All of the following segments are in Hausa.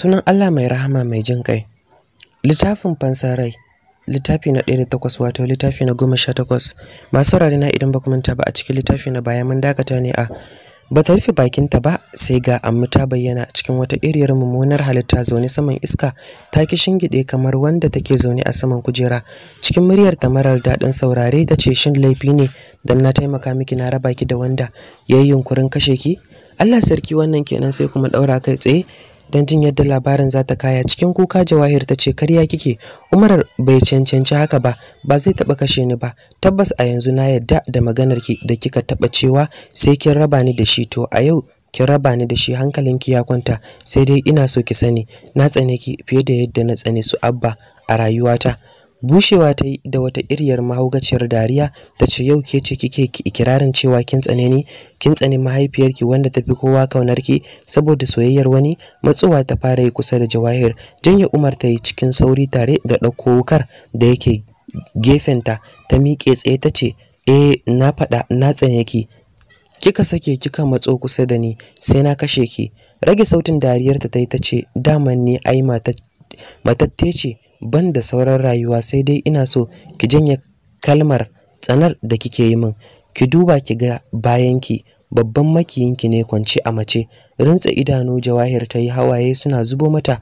sunan Allah mai rahama mai jin kai. Littafin fansarai littafi na 18 wato littafi na 18 masu wurare na idan ba ku manta ba a cikin littafi na baya mun dakata ne a ba ta rufe bakinta ba sai ga amma ta bayyana cikin wata iriyar mummunar halitta zaune saman iska ta ki shingide kamar wanda take zaune a saman kujera cikin muryar ta marar daɗin saurare ta ce shin laifi ne dan na taimaka miki na raba ki da wanda yayi yunkurin kashe ki Allah sarki wannan kenan sai kuma daura kai tsaye don jin yadda labarin za ta kaya cikin kuka jawahir ta ce karya kike umar bai cancanci haka ba ba zai taɓa kashe ni ba tabbas a yanzu na yadda da maganar ki da kika taɓa cewa sai kin raba ni da shi to a yau kin raba ni da shi hankalinki ya kwanta sai dai ina so ki sani na tsane ki fiye da yadda na tsane su abba a rayuwata Bushewa ta yi da wata iriyar mahaukaciyar dariya ta ce yau ke ce kike ikirarin cewa kin tsane ni, kin tsane mahaifiyarki wanda ta fi kowa kaunarki saboda soyayyar wani matsuwa ta fara yi kusa da Jawahir. Janye Umar ta yi cikin sauri tare da ɗauko wukar da yake gefenta ta miƙe tsaye ta ce eh na faɗa na tsane ki kika sake kika matso kusa da ni sai na kashe ki rage sautin dariyarta ta yi ta ce daman ni ai mata matatte ce ban da sauran rayuwa sai dai ina so ki janye kalmar tsanar da kike yi min ki duba ki ga bayanki babban makiyinki ne kwance a mace rintsa idanu jawahir ta yi hawaye suna zubo mata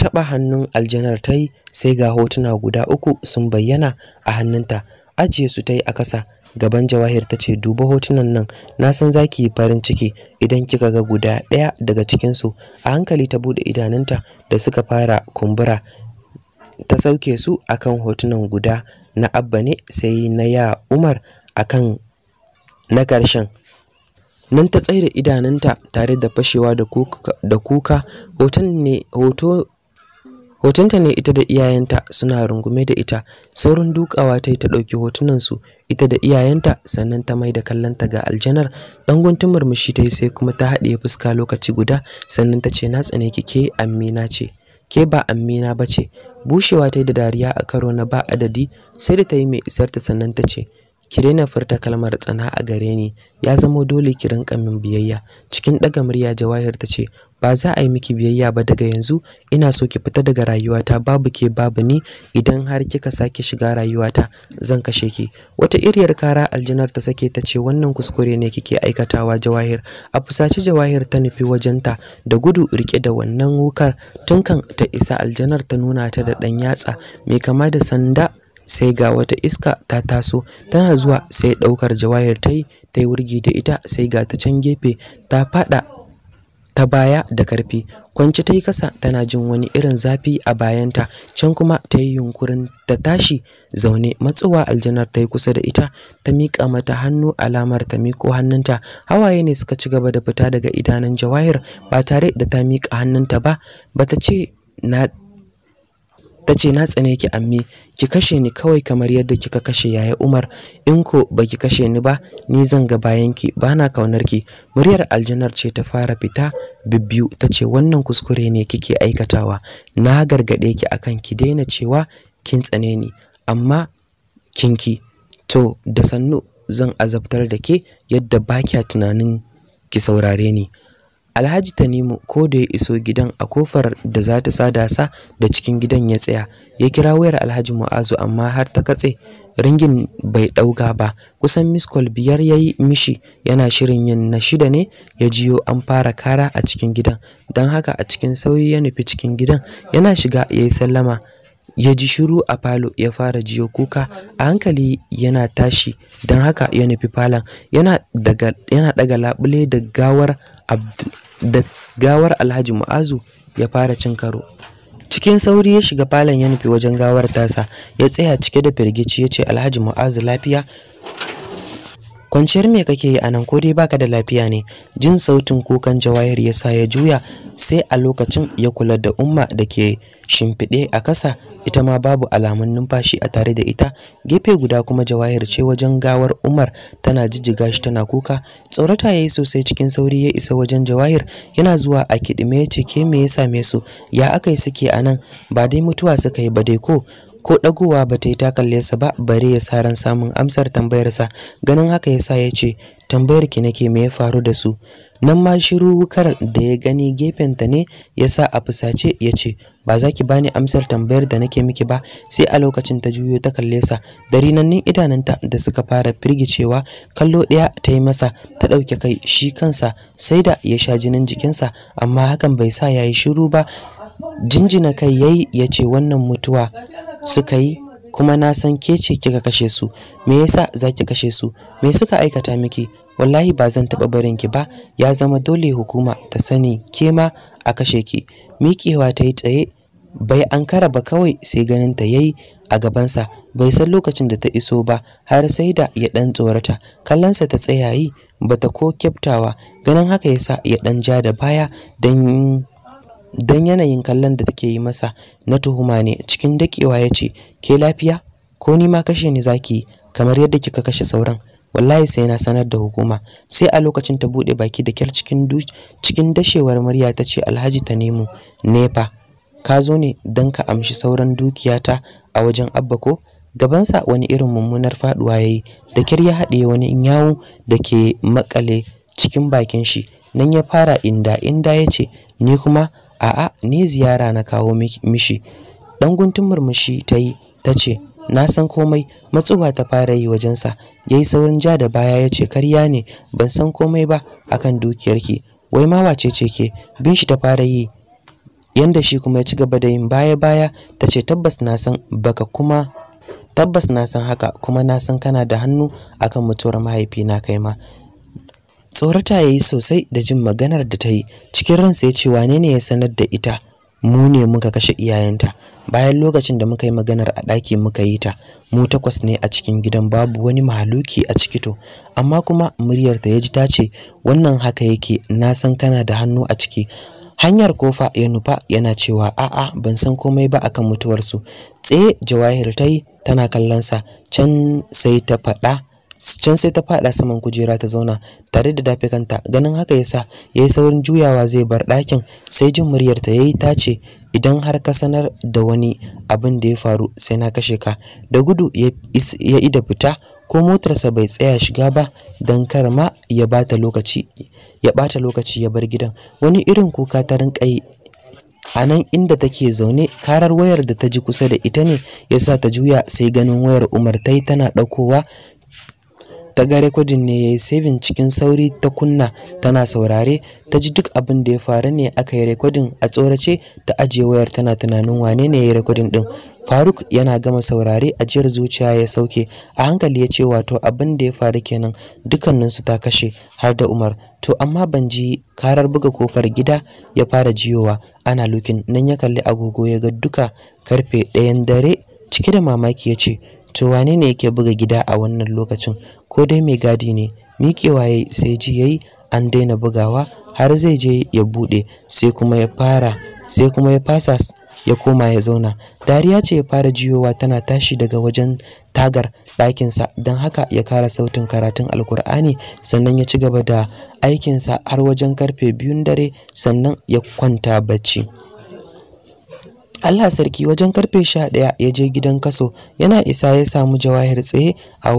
taɓa hannun aljanar ta yi sai ga hotuna guda uku sun bayyana a hannunta ajiye su ta yi a ƙasa. gaban Jawahir ta ce duba hotunan nan na san za ki yi farin ciki idan kika ga guda ɗaya daga cikinsu a hankali ta buɗe idanunta da suka fara kumbura ta sauke su akan hotunan guda na abba ne sai na ya umar akan na karshen. nan ta tsaye da idanunta tare da fashewa da kuka hoton ne hoto hotunta ne ita da iyayenta suna rungume da ita saurin dukawa ta yi ta ɗauki hotunansu ita da iyayenta sannan ta mai da kallonta ga aljanar ɗan guntun murmushi ta yi sai kuma ta haɗiye fuska lokaci guda sannan ta ce na tsane ki ke amina ce ke ba amina ba ce bushewa ta yi da dariya a karo na ba adadi sai da ta yi mai isar ta sannan ta ce ki daina furta kalmar tsana a gare ni ya zama dole ki rinka min biyayya cikin ɗaga murya jawahir ta ce ba za a yi miki biyayya ba daga yanzu ina so ki fita daga rayuwata babu ke babu ni idan har kika sake shiga rayuwata zan kashe ki wata iriyar kara aljinar ta sake ta ce wannan kuskure ne kike aikatawa jawahir a fusaci jawahir ta nufi wajenta da gudu rike da wannan wukar kan ta isa aljanar ta nuna ta da ɗan yatsa mai kama da sanda sai ga wata iska ta taso tana zuwa sai ɗaukar jawayar ta yi ta yi wurgi da ita sai ga ta can gefe ta faɗa ta baya da karfi kwanci ta yi kasa tana jin wani irin zafi a bayanta can kuma ta yi yunkurin ta tashi zaune matsuwa aljanar ta yi kusa da ita ta miƙa mata hannu alamar ta miƙo hannunta hawaye ne suka ci gaba da fita daga idanun jawahir ba tare da ta miƙa hannunta ba bata ce na ta ce na tsane ki amme ki kashe ni kawai kamar yadda kika kashe yaya Umar in ko baki kashe ni ba ni zan ga bayan ki bana kaunar ki muryar aljanar ce ta fara fita bibbiyu ta ce wannan kuskure ne kike aikatawa na gargade ki akan ki daina cewa kin tsane ni amma kinki to da sannu zan azabtar da ke yadda ba kya tunanin ki saurare ni Alhaji Tanimu ko da ya iso gidan a kofar da za ta sada sa da cikin gidan ya tsaya, ya kira wayar Alhaji Mu'azu amma har ta katse ringin bai ɗauka ba, kusan miss call biyar yayi mishi yana shirin yin na shida ne ya jiyo an fara kara a cikin gidan, dan haka a cikin sauyi ya nufi cikin gidan yana shiga ya sallama. ya ji shiru a falo ya fara jiyo kuka a hankali yana tashi dan haka ya nufi falon yana daga labule da gawar da gawar Alhaji Mu'azu ya fara cin karo. Cikin sauri ya shiga falon ya nufi wajen gawar tasa, ya tsaya cike da firgici ya ce Alhaji Mu'azu lafiya kwanciyar me kake yi anan ko dai baka da lafiya ne jin sautin kukan jawahir ya sa ya juya sai a lokacin ya kula da umma da ke shimfiɗe a kasa ita ma babu alamun numfashi a tare da ita gefe guda kuma jawahir ce wajen gawar umar tana jijjiga shi tana kuka tsorata ya yi sosai cikin sauri ya isa wajen jawahir yana zuwa a kiɗime ya ce ke me ya same su ya aka yi suke a nan ba dai mutuwa suka yi ba dai ko ko ɗagowa ba ta yi ta kalle sa ba bare ya saran samun amsar tambayarsa ganin haka yasa sa ya ce tambayar ki nake me ya faru da su nan ma shiru wukar da ya gani gefen ta ne yasa a fusace ya ce ba za ki bani amsar tambayar da nake miki ba sai a lokacin ta juyo ta kalle sa da rinannin idananta da suka fara firgicewa kallo ɗaya ta yi masa ta ɗauke kai shi kansa sai da ya sha jinin jikinsa amma hakan bai sa ya yi shiru ba jinjina kai yayi ya ce wannan mutuwa suka yi kuma na san ke ce kika kashe su me yasa ki kashe su me suka aikata miki wallahi ba zan taɓa barin ki ba ya zama dole hukuma ta sani ke ma a kashe ki miƙewa ta yi tsaye bai an kara ba kawai sai ganin ta yayi a gabansa bai san lokacin da ta iso ba har sai da ya ɗan tsorata kallonsa ta tsayayi bata ko kyaftawa ganin haka yasa ya ɗan ja da baya dan don yanayin kallon da take yi masa na tuhuma ne cikin dakewa ya ce ke lafiya ko ni ma kashe ni zaki kamar yadda kika kashe sauran wallahi sai na sanar da hukuma sai a lokacin ta bude baki da kyar cikin cikin dashewar murya ta ce alhaji ta nemo nepa ka zo ne don ka amshi sauran dukiyata a wajen abba ko gabansa wani irin mummunar faduwa ya yi da kyar ya haɗe wani yawo da ke makale cikin bakin shi nan ya fara inda inda ya ce ni kuma a'a ni ziyara na kawo mishi dan guntun murmushi ta yi ta ce na san komai matsuwa ta fara yi wajensa ya yi saurin ja da baya ya ce karya ne ban san komai ba akan dukiyarki wai ma wace ce ke bin shi ta fara yi yanda shi kuma ya ci gaba da yin baya baya ta ce tabbas na san baka kuma tabbas na san haka kuma na san kana da hannu akan mutuwar mahaifina kai ma tsorata ya yi sosai da jin maganar da ta yi cikin ransa ya ce wane ne ya sanar da ita mu ne muka kashe iyayenta bayan lokacin da muka yi maganar a ɗaki muka yi ta mu takwas ne a cikin gidan babu wani mahaluki a ciki to amma kuma muryar ta yaji ta ce wannan haka yake na san kana da hannu a ciki hanyar kofa ya nufa yana cewa a'a ban san komai ba akan mutuwarsu Tse jawahir ta yi tana kallonsa can sai ta faɗa can sai ta faɗa saman kujera ta zauna tare da dafikanta ganin haka yasa yayi saurin juyawa zai bar ɗakin sai jin muryar ta yayi tace idan har ka sanar da wani abin da ya faru sai na kashe ka da gudu ya ida fita ko motarsa bai tsaya shiga ba don kar ma ya bata lokaci ya bata lokaci ya bar gidan wani irin kuka ta rinka yi a nan inda take zaune karar wayar da ta ji kusa da ita ne yasa ta juya sai ganin wayar Umar tai tana ɗaukowa ta ga rekodin ne ya yi saving cikin sauri ta kunna tana saurare ta ji duk abin da ya faru ne aka yi rekodin a tsorace ta ajiye wayar tana tunanin wane ne ya yi rekodin din faruk yana gama saurare ajiyar zuciya ya sauke a hankali ya ce wato abin da ya faru kenan dukkaninsu ta kashe har da umar to amma ban ji karar buga kofar gida ya fara jiyowa ana lukin nan ya kalli agogo ya ga duka karfe ɗayan dare cike da mamaki ya ce To wane ne yake buga gida a wannan lokacin? Ko dai mai gadi ne? Miƙewa yayi sai ji yayi an daina bugawa har zai je ya bude sai kuma ya fara sai kuma ya fasa ya koma ya zauna. Dariya ce ya fara jiyowa tana tashi daga wajen tagar ɗakinsa don haka ya kara sautin karatun alkur'ani sannan ya ci gaba da aikinsa har wajen karfe biyun dare sannan ya kwanta bacci. Allah sarki wajen karfe sha ɗaya ya je gidan kaso yana isa ya samu jawahir tsaye a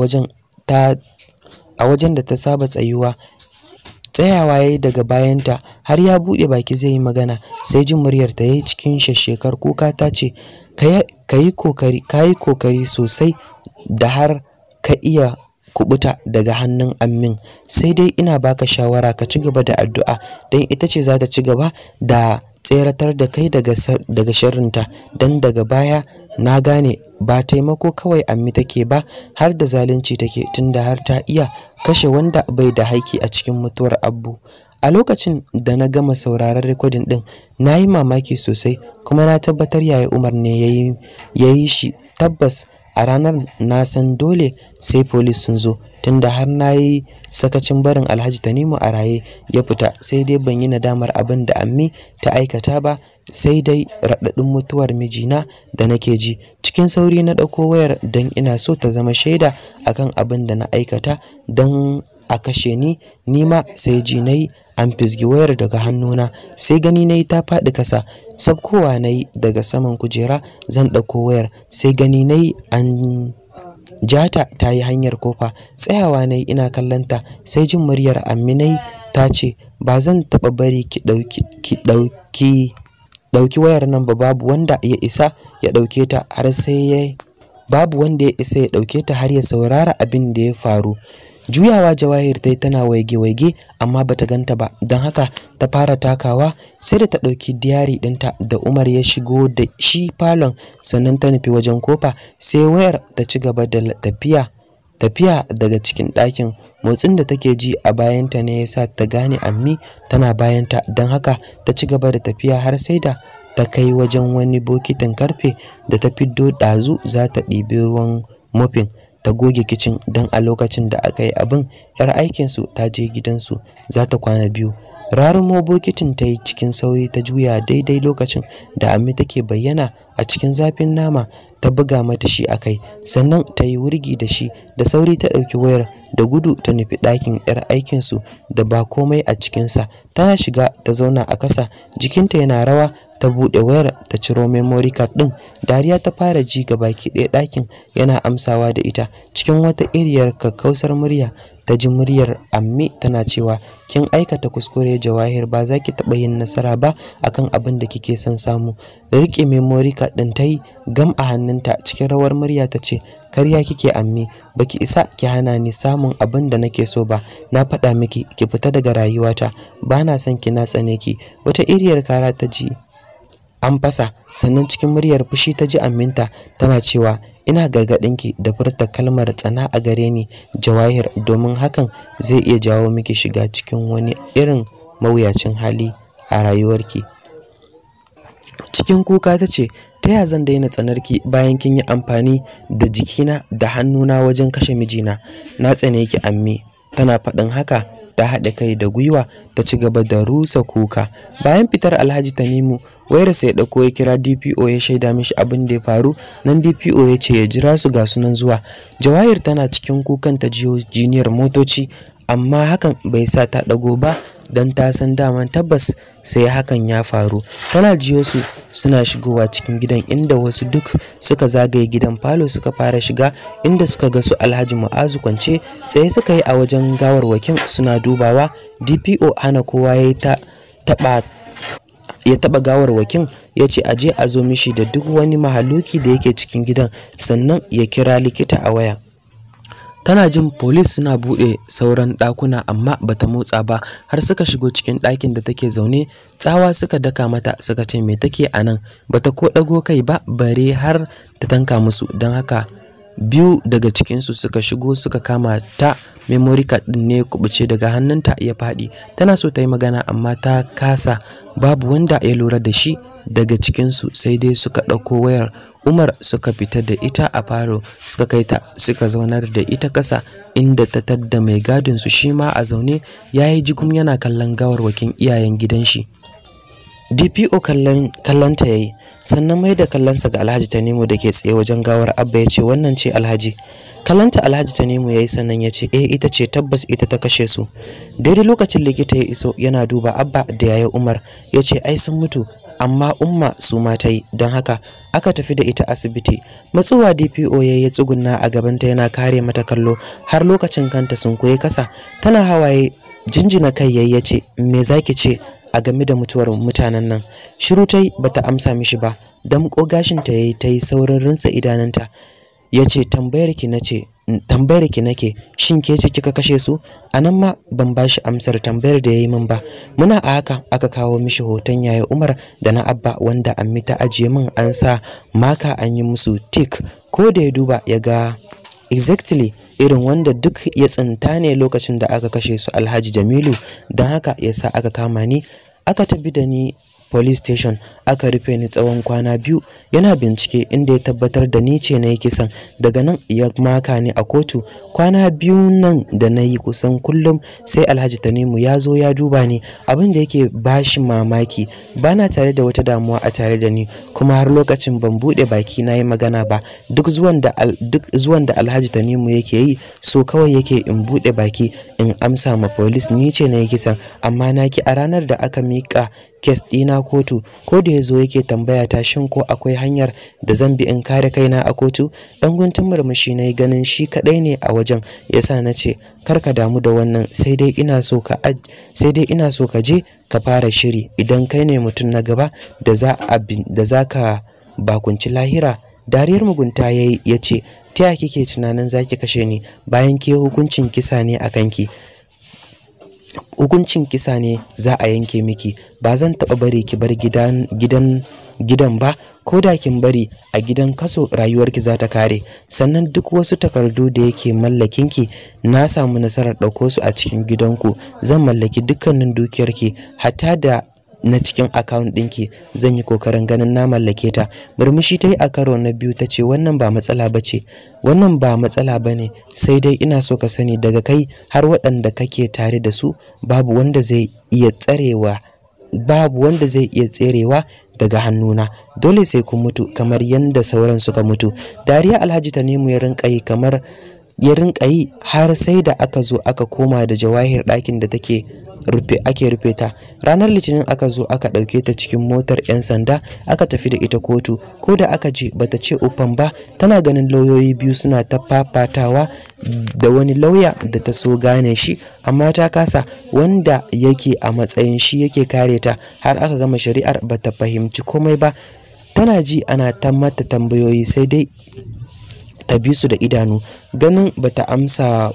wajen da ta saba tsayuwa tsayawa ya daga bayanta har ya buɗe baki zai yi magana sai jin muryar ta yi cikin shashekar kuka ta ce ka yi kokari sosai da har ka iya kubuta daga hannun ammin. sai dai ina baka shawara ka ci gaba da addu'a don ita ce za ta ci gaba da tseratar da kai daga daga sharrinta dan daga baya na gane ba taimako kawai ammi take ba har da zalunci take tunda har ta iya kashe wanda bai da haiki a cikin mutuwar abu. a lokacin da na gama sauraron rikodin din na yi mamaki sosai kuma na tabbatar yayi umar ne ya yi shi tabbas a ranar na san dole sai polis sun zo tunda har na yi sakacin barin alhaji tanimu a raye ya fita sai dai ban yi nadamar abin da ammi ta aikata ba sai dai raɗaɗin mutuwar mijina da nake ji cikin sauri na ɗauko wayar don ina so ta zama shaida akan abin da na aikata don a kashe ni nima sai ji na yi an fizgi wayar daga hannuna sai gani na yi ta faɗi kasa sabkowa na yi daga saman kujera zan ɗauko wayar sai gani na yi an jata ta yi hanyar kofa tsayawa na yi ina kallonta sai jin muryar aminai ta ce ba zan taɓa bari ki ɗauki wayar nan ba babu wanda ya isa ya ɗauke ta har sai ya babu wanda ya isa ya ɗauke ta har ya saurara abin da ya faru juyawa jawahir ta yi tana waige-waige amma bata ganta ba don haka ta fara takawa sai da ta ɗauki diyari ɗinta da umar ya shigo da shi falon sannan ta nufi wajen kofa sai wayar ta ci gaba da tafiya tafiya daga cikin ɗakin motsin da take ji a bayanta ne yasa ta gane ammi tana bayanta don haka ta ci gaba da tafiya har sai da ta kai wajen wani bokitin karfe da ta fiddo ɗazu za ta ɗibi ruwan mofin ta goge kicin don a lokacin da aka yi abin yar aikinsu ta je gidansu za ta kwana biyu Rarun bokitin ta yi cikin sauri ta juya daidai lokacin da ammi take bayyana a cikin zafin nama ta buga mata shi akai sannan ta yi wurgi da shi da sauri ta ɗauki wayar da gudu ta nufi ɗakin 'yar aikinsu da ba komai a cikinsa tana shiga ta zauna a kasa jikinta yana rawa ta buɗe wayar ta ciro memory card ɗin dariya ta fara ji ga baki ɗaya ɗakin yana amsawa da ita cikin wata iriyar kakkausar murya ta ji muryar ammi tana cewa kin aikata kuskure jawahir ba za ki taɓa yin nasara ba akan abin da kike son samu Rike memory card ɗin ta yi gam a hannunta cikin rawar murya ta ce karya kike ammi baki isa ki hana ni samun abin da nake so ba na faɗa miki ki fita daga rayuwata ba na son ki na tsane ki wata iriyar kara ta ji an fasa sannan cikin muryar fushi ta ji aminta tana cewa ina ki da furta kalmar tsana a gare ni jawahir domin hakan zai iya jawo miki shiga cikin wani irin mawuyacin hali a rayuwarki cikin kuka ta ce ta ya zan daina tsanarki bayan kin yi amfani da jikina da hannuna wajen kashe mijina na tsane ki ammi tana faɗin haka ta haɗa kai da gwiwa ta ci gaba da rusa kuka bayan fitar alhaji tanimu wayar sai ɗauko ya kira dpo ya shaida mishi abin da ya faru nan dpo ya ce ya jira su ga sunan zuwa jawahir tana cikin kukan ta jiyo jiniyar motoci amma hakan bai sa ta ɗago ba dan ta san daman tabbas sai hakan ya faru tana jiyo su suna shigowa cikin gidan inda wasu duk suka zagaye gidan falo suka fara shiga inda suka ga su alhaji ma'azu kwance tsaye suka yi a wajen gawarwakin suna dubawa dpo hana kowa ya ta taɓa ya taɓa gawarwakin ya ce aje a zo mishi da duk wani mahaluki da yake cikin gidan sannan ya kira likita a waya tana jin police suna buɗe sauran ɗakuna amma bata motsa ba har suka shigo cikin ɗakin da take zaune tsawa suka daka mata suka ce me take a nan bata ko ɗago kai ba bare har ta tanka musu don haka biyu daga cikinsu suka shigo suka kama ta memory card din ne kubuce daga hannunta ya faɗi tana so ta yi magana amma ta kasa babu wanda ya lura da shi daga cikinsu sai dai suka ɗauko wayar Umar suka fita da ita a falo suka kai ta suka zaunar da ita ƙasa inda ta tadda mai gadin su shi ma a zaune ya yi jigum yana kallon gawarwakin iyayen gidan shi. DPO kallonta ya yi. sannan mai da kallonsa ga Alhaji Tanimu da ke tsaye wajen gawar Abba ya ce wannan ce Alhaji Kallonta Alhaji Tanimu yi sannan ya ce eh ita ce tabbas ita ta kashe su daidai lokacin likita ya iso yana duba Abba da yayi Umar ya ce ai sun mutu amma umma su ma ta yi don haka aka tafi da ita asibiti matsuwa dpo ya yi tsugunna a gabanta yana kare mata kallo har lokacin kanta sun koyi kasa tana hawaye jinjina kai yayyace ce me zaki ce a game da mutuwar mutanen nan shiru ta yi bata amsa mishi ba damƙo gashinta ya yi ta yi saurin rinsa idanunta ya ce tambayar ki na ce tambayar ki nake shin ke ce kika kashe su anan ma ban ba shi amsar tambayar da yayi min ba muna a haka aka kawo mishi hoton yaya Umar da na Abba wanda ammi ta ajiye min an sa maka an yi musu tik ko da ya duba ya ga exactly irin wanda duk ya tsinta ne lokacin da aka kashe su Alhaji Jamilu don haka yasa aka kama ni aka tafi da ni police station aka rufe ni tsawon kwana biyu yana bincike inda ya tabbatar da ni ce na yi kisan daga nan ya maka ni a kotu kwana biyu nan da na yi kusan kullum sai alhaji tanimu ya zo ya duba ni abin da yake bashi mamaki bana tare da wata damuwa a tare da ni kuma har lokacin ban buɗe baki na yi magana ba duk zuwan da duk zuwan da Alhaji Tanimu yake yi so kawai yake in buɗe baki in amsa ma police ni ce na yi kisan amma na ki a ranar da aka mika kes ɗina kotu ko da yazo yake tambaya ta shin ko akwai hanyar da zan bi in kare kaina a kotu dan guntun murmushi nayi ganin shi kadai ne a wajen yasa nace ce kar ka damu da wannan sai dai ina so ka sai dai ina so ka je ka fara shiri idan kai ne mutum na gaba da za da za ka bakunci lahira dariyar mugunta ya ce ta kike tunanin zaki kashe ni bayan ke hukuncin kisa ne a kanki hukuncin kisa ne za a yanke miki ba zan taɓa bari ki bar gidan gidan ba ko da kin bari a gidan kaso rayuwarki za ta kare sannan duk wasu takardu da yake mallakinki na samu nasarar ɗauko su a cikin gidanku zan mallaki dukkanin dukiyarki hatta da na cikin account dinki zan yi kokarin ganin na mallake ta murmushi ta a karo na biyu tace ce wannan ba matsala ba wannan ba matsala bane sai dai ina so ka sani daga kai har waɗanda kake tare da su babu wanda zai iya tsarewa babu wanda zai iya tserewa daga hannuna dole sai ku mutu kamar yadda sauran suka mutu dariya alhaji tanimu ya rinka yi kamar ya rinka yi har sai da aka zo aka koma da jawahir ɗakin da take rufe ake rufe ta ranar litinin aka zo aka ɗauke ta cikin motar 'yan sanda aka tafi da ita kotu ko da aka je bata ce ufan ba tana ganin lauyoyi biyu suna ta fafatawa da wani lauya da ta so gane shi amma ta kasa wanda yake a matsayin shi yake kare ta har aka gama shari'ar bata fahimci komai ba tana ji ana ta mata tambayoyi sai dai ta bi su da idanu ganin bata amsa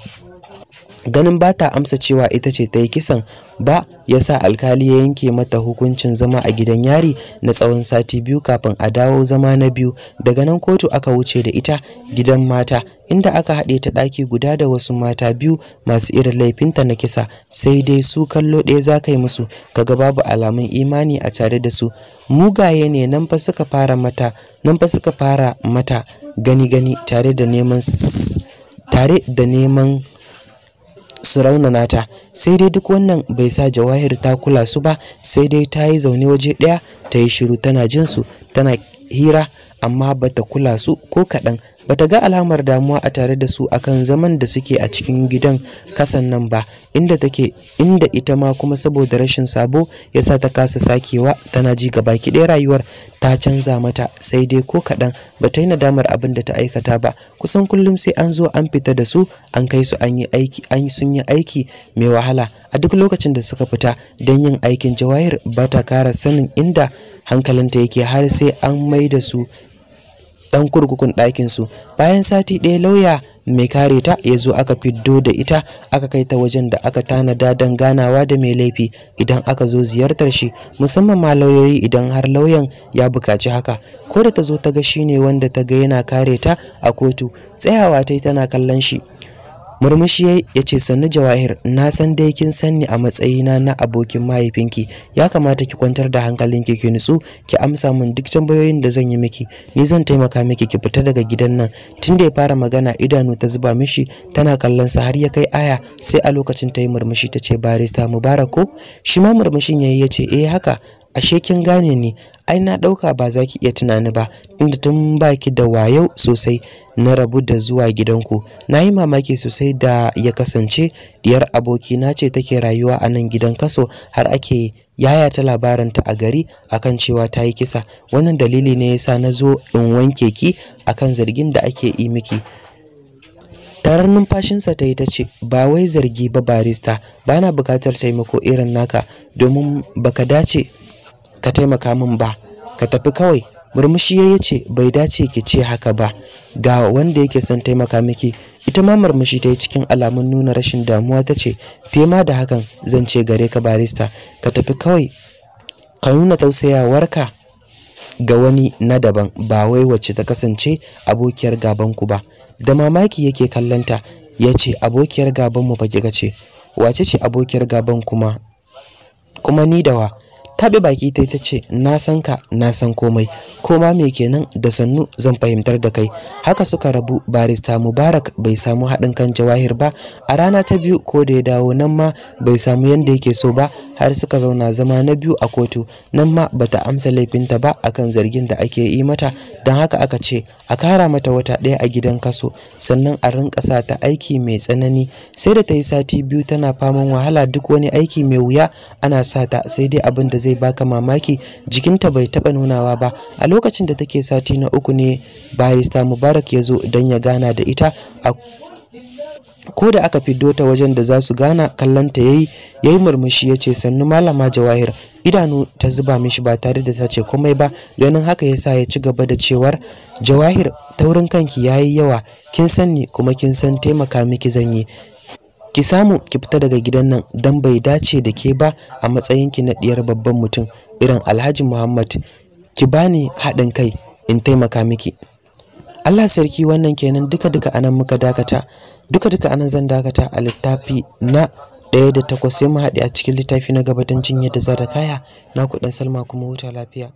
ganin ba ta amsa cewa ita ce ta yi kisan ba ya sa alkali ya yanke mata hukuncin zama a gidan yari na tsawon sati biyu kafin a dawo zama na biyu daga nan kotu aka wuce da ita gidan mata inda aka haɗe ta ɗaki guda da wasu mata biyu masu irin laifinta na kisa sai dai su kallo ɗaya za ka yi musu kaga babu alamun imani a tare da su mugaye ne nan fa suka fara mata gani gani tare da neman tare da neman su raunana ta sai dai duk wannan bai sa jawahir ta kula su ba sai dai ta yi zaune waje ɗaya ta yi shiru tana jinsu, tana hira amma bata kula su ko kaɗan bata ga alamar damuwa a tare da su akan zaman da suke a cikin gidan kasan nan ba inda take inda ita ma kuma saboda rashin sabo yasa ta kasa sakewa tana ji gaba ki ɗaya rayuwar ta canza mata sai dai ko kaɗan bata yi nadamar abin da ta aikata ba kusan kullum sai an zo an fita da su an kai su an yi aiki an sun yi aiki mai wahala a duk lokacin da suka fita don yin aikin jawahir ba ta kara sanin inda hankalinta yake har sai an mai da su ɗan kurkukun ɗakin su bayan sati ɗaya lauya mai kare ta ya zo aka fiddo da ita aka kai ta wajen da aka tanada don ganawa da mai laifi idan aka zo ziyartar shi musamman ma lauyoyi idan har lauyan ya buƙaci haka ko da ta zo ta ga shine wanda ta ga yana kare ta a kotu tsayawa ta yi tana kallon shi murmushi ya ce sannu jawahir na san dai kin san ni a matsayina na abokin mahaifinki ya kamata ki kwantar da hankalinki ki nutsu ki amsa min duk tambayoyin da zan yi miki ni zan taimaka miki ki fita daga gidan nan tun da ya fara magana idanu ta zuba mishi tana kallon sa har ya kai aya sai a lokacin ta yi murmushi ta ce barista mubarako ko shi ma murmushin yayi ya ce eh haka ashe kin gane ni ai na ɗauka ba za ki iya tunani ba inda tun baki da wayo sosai na rabu da zuwa gidanku na yi mamaki sosai da ya kasance diyar abokina ce take rayuwa a nan gidan kaso har ake yaya yayata labaranta a gari akan cewa ta yi kisa wannan dalili ne yasa na zo in wanke ki akan zargin da ake yi miki tarar numfashinsa ta yi ta ce ba wai zargi ba barista ba na bukatar taimako irin naka domin baka dace ka taimaka min ba ka tafi kawai murmushi ya ce bai dace ki ce haka ba ga wanda yake son taimaka miki ita ma murmushi ta yi cikin alamun nuna rashin damuwa ta ce Fema da hakan zan ce gare ka barista ka tafi kawai ka nuna tausayawarka ga wani na daban ba wai wacce ta kasance abokiyar gabanku ba da mamaki yake kallanta ya ce abokiyar gabanmu ba kika ce wace ce abokiyar gaban kuma kuma ni da wa taɓe baki ta ta ce na san ka na san komai ko ma me kenan da sannu zan fahimtar da kai haka suka rabu barista mubarak bai samu haɗin kan jawahir ba a rana ta biyu ko da ya dawo nan ma bai samu yadda yake so ba har suka zauna zama na biyu a kotu nan ma bata amsa laifinta ba akan zargin da ake yi mata don haka aka ce a kara mata wata ɗaya a gidan kaso sannan a rinka sa ta aiki mai tsanani sai da ta yi sati biyu tana faman wahala duk wani aiki mai wuya ana sata, sai dai abin da zai baka mamaki jikinta bai taɓa nunawa ba a lokacin da take sati na uku ne barista mubarak ya zo don ya gana da ita a ko da aka fiddo ta wajen da za su gana kallonta ya yi murmushi ya ce sannu malama jawahir idanu ta zuba mishi ba tare da ta ce komai ba ganin haka ya sa ya ci gaba da cewar jawahir taurin kanki ya yi yawa kin sanni kuma kin san taimaka miki zan yi ki samu ki fita daga gidan nan dan bai dace da ke ba a matsayinki na diyar babban mutum irin Alhaji Muhammad ki bani haɗin kai in taimaka miki Allah sarki wannan kenan duka duka anan muka dakata duka duka anan zan dakata a littafi na ɗaya da takwas sai mu haɗe a cikin littafi na gabatancin yadda za ta kaya na kuɗin salma kuma huta lafiya